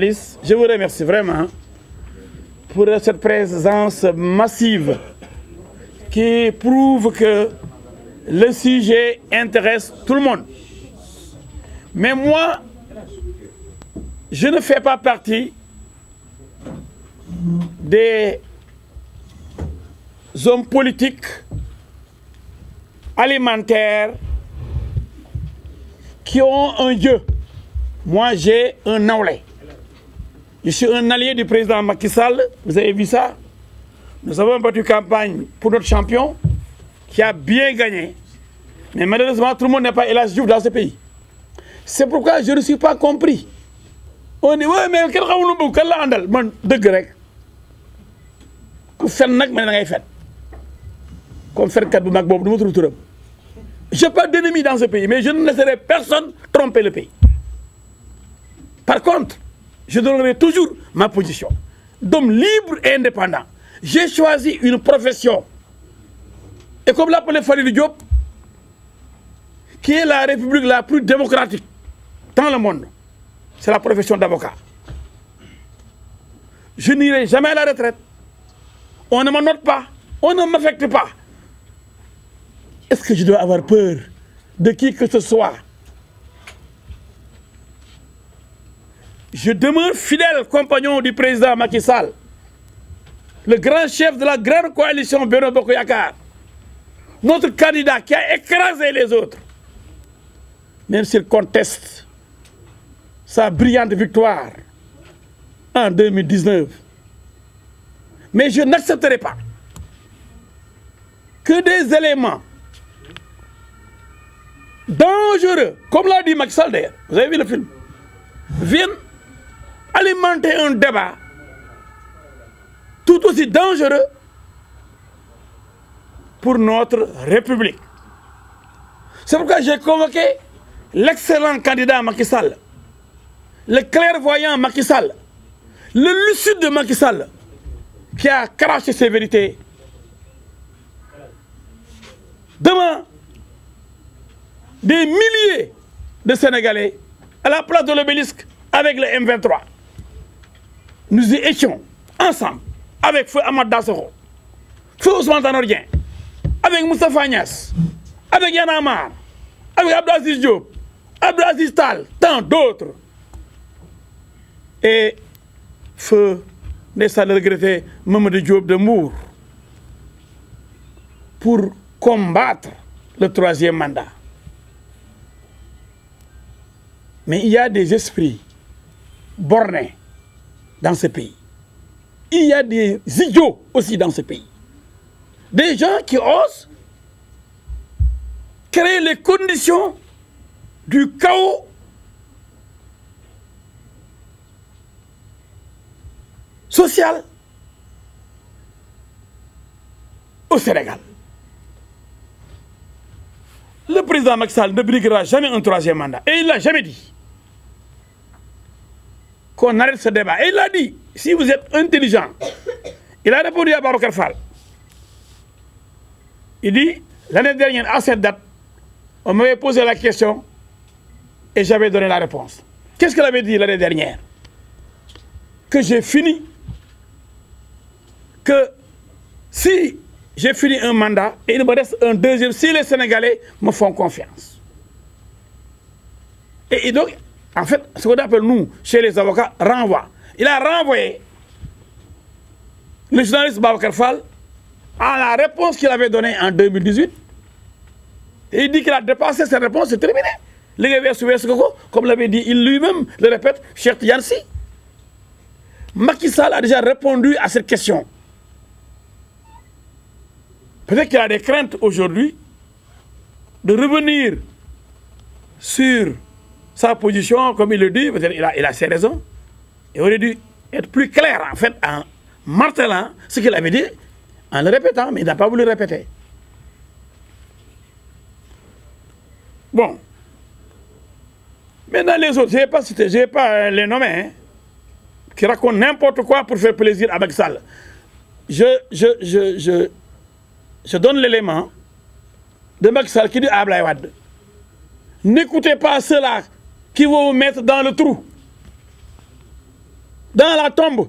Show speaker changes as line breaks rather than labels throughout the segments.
Alice, je vous remercie vraiment pour cette présence massive qui prouve que le sujet intéresse tout le monde. Mais moi, je ne fais pas partie des hommes politiques alimentaires qui ont un Dieu. Moi, j'ai un aulet. Je suis un allié du président Macky Sall, vous avez vu sa Nous avons battu campagne pour notre champion qui a bien gagné. Mais malheureusement, tout le monde n'est pas hélas Diouf dans ce pays. C'est pourquoi je ne suis pas compris. On dit, ouais, mais quel raoulou, quel andal, man, de grec. Ku fen nak man ngay fen. Comme fen kat bu mag bobu duma turu turam. J'ai pas d'ennemis dans ce pays, mais je ne laisserai personne tromper le pays. je donnerai toujours ma position d'homme libre et indépendant j'ai choisi une profession et comme l'appelait Falidou Diop qui est la république la plus démocratique dans le monde c'est la profession d'avocat je n'irai jamais à la retraite on on ne m'affecte pas est-ce que je dois avoir peur de qui que ce soit Je demeure fidèle compagnon du président Macky Sall, le grand chef de la grande coalition Beno Bokoyakar, notre candidat qui a écrasé les autres, même s'il conteste sa brillante victoire en 2019. Mais je n'accepterai pas que des éléments dangereux, comme l'a dit Macky Sall vous avez vu le film, alimenter un débat tout aussi dangereux pour notre République. C'est pourquoi j'ai convoqué l'excellent candidat Macky Sall, le clairvoyant Macky Sall, le lucide de Macky Sall, qui a craché ses vérités. Demain, des milliers de Sénégalais à la place de l'obélisque avec le nous y étions ensemble avec feu Ahmad Dassokho feu Ousmane Tanor Dieng avec Moustapha Niass avec Y'en a marre avec Abdou Aziz Diop Abdou Aziz Tall tant d'autres et feu ndeysaan regretté Mamadou Diop de Mbour pour combattre le troisième mandat mais il y des esprits bornés dans ce pays. Il y a des idiots aussi dans ce pays. Des gens qui osent créer les conditions du chaos social au Sénégal. Le président Macky Sall ne briguera jamais un troisième mandat. Et il l'a jamais dit. kon arrête ce débat. Et il a dit, si vous êtes intelligent, il a répondu à Baroukar Fall. Il dit, l'année dernière, à cette date, on m'avait posé la question et j'avais donné la réponse. Qu'est-ce qu'il avait dit l'année dernière Que j'ai fini, que si j'ai fini un mandat et il me reste un deuxième, si les Sénégalais me font confiance. Et, et donc, En fait, ce qu'on appelle nous, chez les avocats, renvoi. Il a renvoyé le journaliste Babacar Fall à la réponse qu'il avait donnée en 2018. Et il dit qu'il a dépassé cette réponse, c'est terminé. Comme l'avait dit il lui-même, le répète, Cheikh Yansi. Macky Sall a déjà répondu à cette question. Peut-être qu'il a des craintes aujourd'hui de revenir sur sa position, comme il le dit, il a, il a ses raisons. Il aurait dû être plus clair, en fait, en martelant ce qu'il avait dit, en le répétant, mais il n'a pas voulu le répéter. Bon. Maintenant, les autres, je n'ai pas cité, je n'ai pas euh, les nommés, hein, qui racontent n'importe quoi pour faire plaisir à Maxal. Je, je, je, je, je donne l'élément de Maxal qui dit à Ablaïwad. N'écoutez pas cela qui vont vous mettre dans le trou, dans la tombe,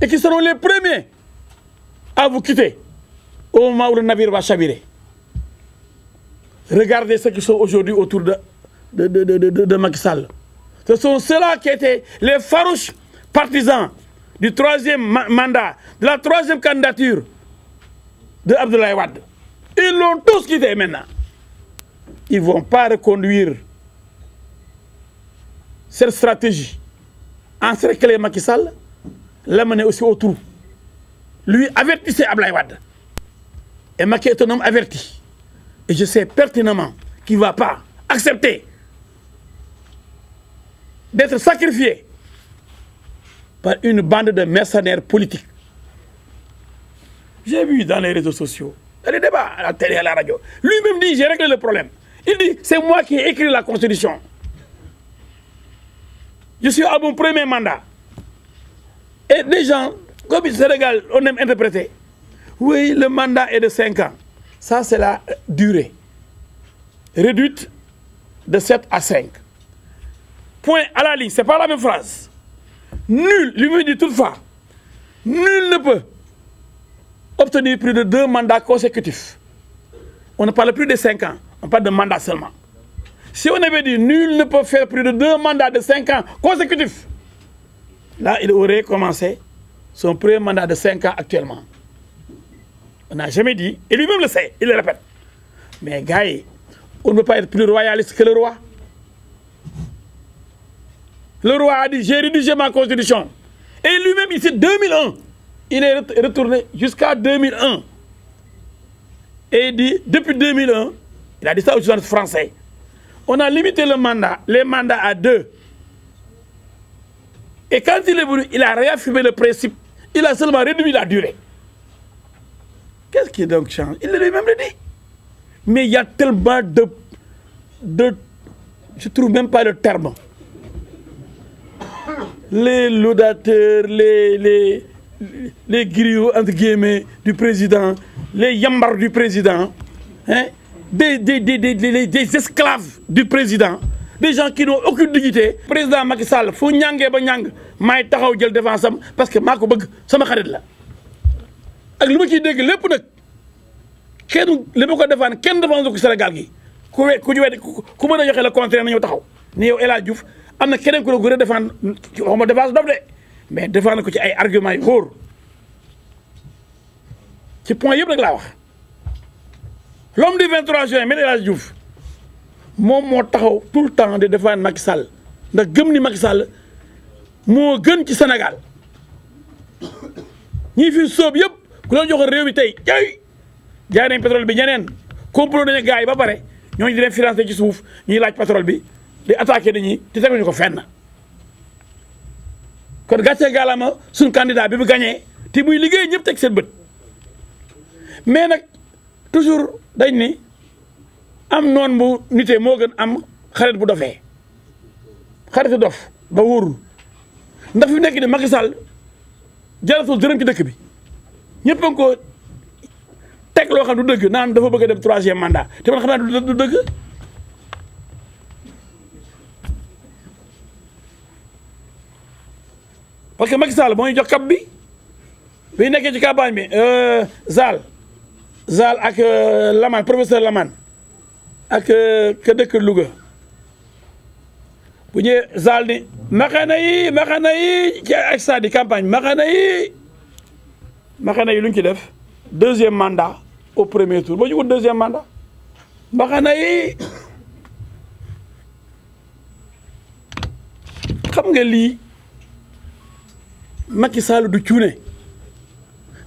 et qui seront les premiers à vous quitter au moment où le navire va chavirer. Regardez ceux qui sont aujourd'hui autour de, de, de, de, Ce sont ceux qui étaient les farouches partisans du troisième mandat, de la troisième candidature de Abdoulaye Wade. Ils l'ont tous quitté maintenant. Ils vont pas reconduire cette stratégie encercler Macky Sall l'amener aussi au trou lui avertissait Ablaye Wade et Macky est un homme averti et je sais pertinemment qu'il ne va pas accepter d'être sacrifié par une bande de mercenaires politiques j'ai vu dans les réseaux sociaux dans les débats à la télé à la radio lui-même dit j'ai réglé le problème il dit c'est moi qui ai écrit la constitution je suis à mon premier mandat et des gens comme au Sénégal on aime interpréter oui le mandat est de cinq ans ça c'est la durée réduite de sept à cinq point à la ligne c'est pas la même phrase nul lui me dit toutefois nul ne peut obtenir plus de deux mandats consécutifs on ne parle plus de cinq ans on parle de mandat seulement Si on avait dit nul ne peut faire plus de deux mandats de cinq ans consécutifs, là, il aurait commencé son premier mandat de cinq ans actuellement. On n'a jamais dit, et lui-même le sait, il le Mais gars, on ne peut pas être plus royaliste que le roi. Le roi a dit, j'ai rédigé ma constitution. Et lui-même, ici, 2001, il est retourné jusqu'à Et il dit, depuis il a dit ça aux journalistes français. on a limité le mandat, les mandats à deux. Et quand il est venu, il a réaffirmé le principe. Il a seulement réduit la durée. Qu'est-ce qui est donc change Il l'a lui dit. Mais il y a tellement de, Je trouve même pas le terme. Les laudateurs, les, les, les griots, entre guillemets, du président, les yambars du président, hein, des des des des des esclaves du président des gens qui n'ont aucune dignité président Macky Sall fu ñàngee ba ñàng maay taxaw jël défense am parce que maa ko bëgg sama xarit la ak li ma ciy dégg lépp nag kenn li ma ko defaan kenn défense ko Sénégal gi ku we ku ñu wedd ku mën a joxe le contraire na ñëw taxaw ni yow El Hadj Diouf am na keneen ku la gën a défendre waxuma défense dof de mais défendre ko ci ay arguments yu wóor ci point yëpp nag laa wax l'homme du 23 juin Me El Hadji moom moo taxaw tout le temps di défendre Macky sàll ndax gëm ni Macky sàll moo gën ci senegal ñii fi sóob yëpp ku la joxoon réew mi tey jaay jaay nañ pétrole bi ñeneen complot nañu gars yi ba pare ñoo di leen financé ci suuf ñuy laaj pétrole bi di attaqué dañuy te teguñu ko fenn. kon gàcce gaalama suñu candidat bi bu gagné te buy liggéey ñëpp teg seen bët mais nag. toujours dañ ni am noon bu nitee moo gën am xarit bu dofee xaritu dof ba wóorul ndax fi nekk ni Macky Sall jaratul dërëm ci dëkk bi ñëpp a ngi teg loo xam du dëgg naan dafa bëgg a dem troisième mandat te man xam naa du dëgg parce que Macky Sall jox kap bi bi nekkee ci campagne bi euh, Zal Zal ak euh, Lamane professeur Lamane ak euh, ka dëkk Louga bu ñëwee Zal ni maxana yi maxana ak stade campagne maxana yi maxana yi lu ñu ci def deuxième mandat au premier tour ba ñu ko deuxième mandat maxana yi nga lii maki Sall du cuune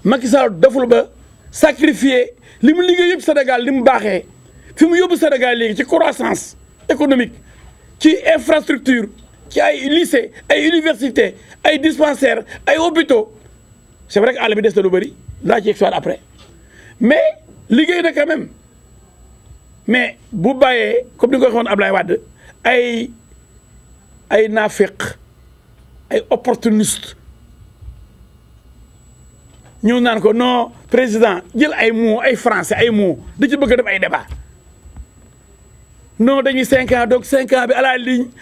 maki Sall deful ba sacrifié li mu liggéey yëpp Sénégal li mu baaxee fi mu yóbbu Sénégal léegi ci croissance économique ci infrastructure ci ay lycée ay université ay dispensaires ay hôpitaux c'est vrai que àll bi des na lu bëri daa ci yegsiwaat après mais liggéey na quand même mais bu bàyyee comme ni nga ko waxoon Ablaye Wade ay ay naafeq ay opportuniste ñëw naan ko non président jël ay mots ay francais ay mots da ci bëgg a def ay débat non dañuy cinq ans donc cinq ans bi à la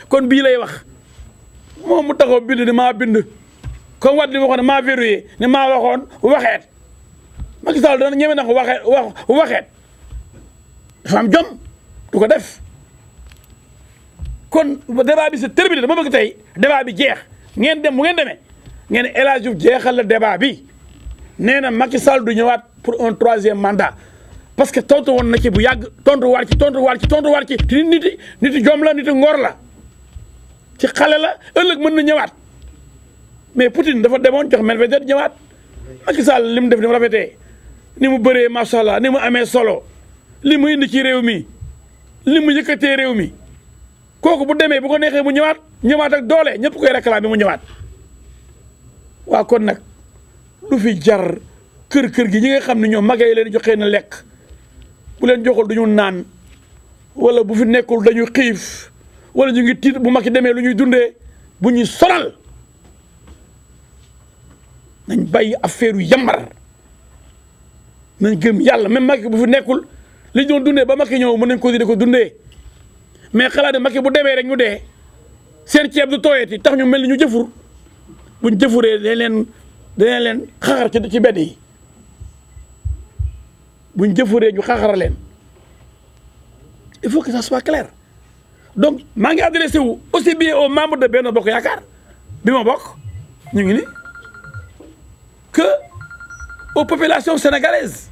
kon bii lay wax moom mu taxaw bind ne maa bind comme wat waxoon ne maa verrouillé ne maa waxoon waxeet Macky Sall dana ñeme na ko waxeet wax waxeet dafa jom du ko def kon débat bi c'est terminé dama bëgg tey débat bi jeex ngeen dem bu ngeen deme ngeen El Hadj Diouf jeexal la débat bi nee na Macky Sall du ñëwaat pour un troisième mandat parce que tontu woon na ci bu yàgg tontu waar ci tontu waar ci tontu waar ci nit niti niti jom la niti ngor la ci xale la ëllëg mën na ñëwaat mais Poutine dafa demoon jox Medvedev ñëwaat Macky Sall li mu def ni mu rafetee ni mu bëree macha allah ni mu amee solo li mu indi ci réew mi li mu yëkkatee réew mi kooku bu demee bu ko neexee mu ñëwaat ñëwaat ak doole ñëpp koy réclamer mu ñëwaat waa kon nag. lu fi jar kër-kër gi ñi nga xam ne ñoom magay leen joxee na lekk bu leen joxul duñu naan wala bu fi nekkul dañu xiif wala ñu ngi tiit bu mag yi demee lu ñuy dundee bu ñuy sonal nañ bàyyi affaire yu yambar nañ gëm yàlla même Macky bu fi nekkul li ñu doon dundee ba Macky ñëw mu nañ ko ko dundee mais xalaat ne Macky bu demee rek ñu dee seen ceeb du tooyeeti tax ñu mel ni ñu jëfur buñ jëfuree dañ leen dina leen xaxar ci ci bedd yi buñ jëfuree ñu xaxara leen il faut que ça soit clair donc maa ngi adressé wu aussi bien aux membres de Benno Bokk Yaakaar bi ma bokk ñu ngi ni que aux populations sénégalaises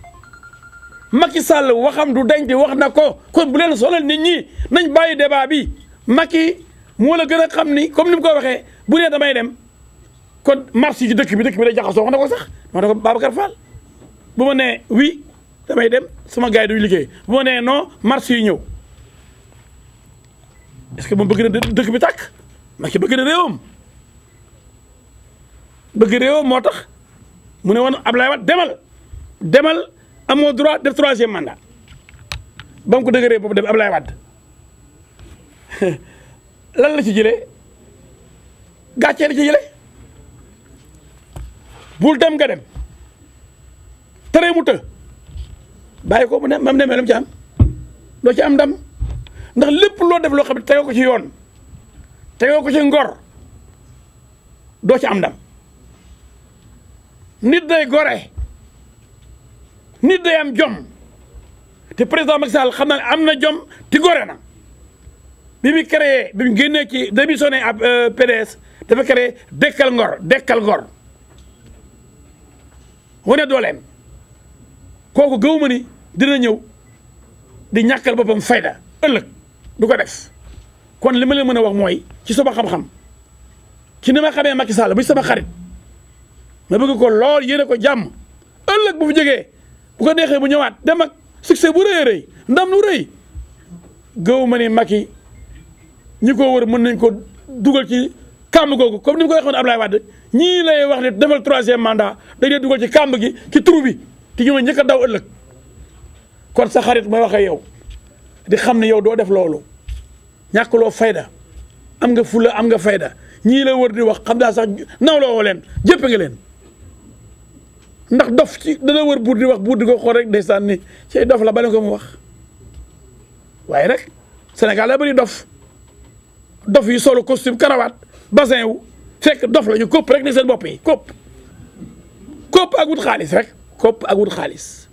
Macky waxam du dañ di wax na ko kon bu leen sonal nit ñi nañ bàyyi débat bi Macky moo la gën a xam ni comme ni mu ko waxee bu nee damay dem kon marché yi dëkk bi dëkk bi day jaxasoo wax na ko sax wax na ko Babacar Fall bu ma nee oui damay dem sama gars yi liggéey bu ma nee non marché yi ñëw parce que moom bëgg na dëkk bi tàkk Macky bëgg na réewam bëgg réewam moo tax mu ne woon Abdoulaye Wade demal demal amoo droit def troisième mandat ba mu ko dëgëree boobu dem Abdoulaye Wade lan la ci jëlee gàccee la ci jëlee. buur dem nga dem tere mu të bàyyi ko mu ne mam ne melam ci doo ci am ndam ndax lépp loo def loo xam ne tegoo ko ci yoon tegoo ko ci ngor doo ci am ndam nit day gore nit day am jom te président Macky Sall xam naa am na jom ti gore na bi mu créé bi mu génnee ci démissionné ab euh, PDS dafa créé dekkal ngor dekkal ngor wane dooleen kooku gëw ma ni dina ñëw di ñàkkal boppam fayda ëllëg du ko def kon li ma leen mën a wax mooy ci sama xam-xam ci ni ma xamee Macky Sall bu sama xarit ma bëgg ko lool yéene ko jàmm ëllëg bu fi jógee bu ko neexee bu ñëwaat dem ak succès bu rëy a rëy ndam lu rëy gëw ma ni ñi ko wër mën nañ ko dugal ci kàmb googu comme ni mu ko waxoon Ablaye Wade ñii lay wax ne defal troisième mandat dañ lay dugal ci kàmb gi ci trou bi te njëkk daw ëllëg sa xarit may wax yow di xam ne yow doo def loolu ñàkkuloo fayda am nga fula am nga fayda ñii la wër di wax xam daa sax nawloo woo leen jëpp nga leen ndax dof ci dana wër buur di wax buur di ko xool rek ndeysaan ni ci dof la bale ko mu wax waaye rek Sénégal la bëri dof dof yi solo costume karawaat basin wu fekk dof la ñu kópp rek ni seen bopp yi kópp kópp ak wut xaalis rek kopp ak wut xaalis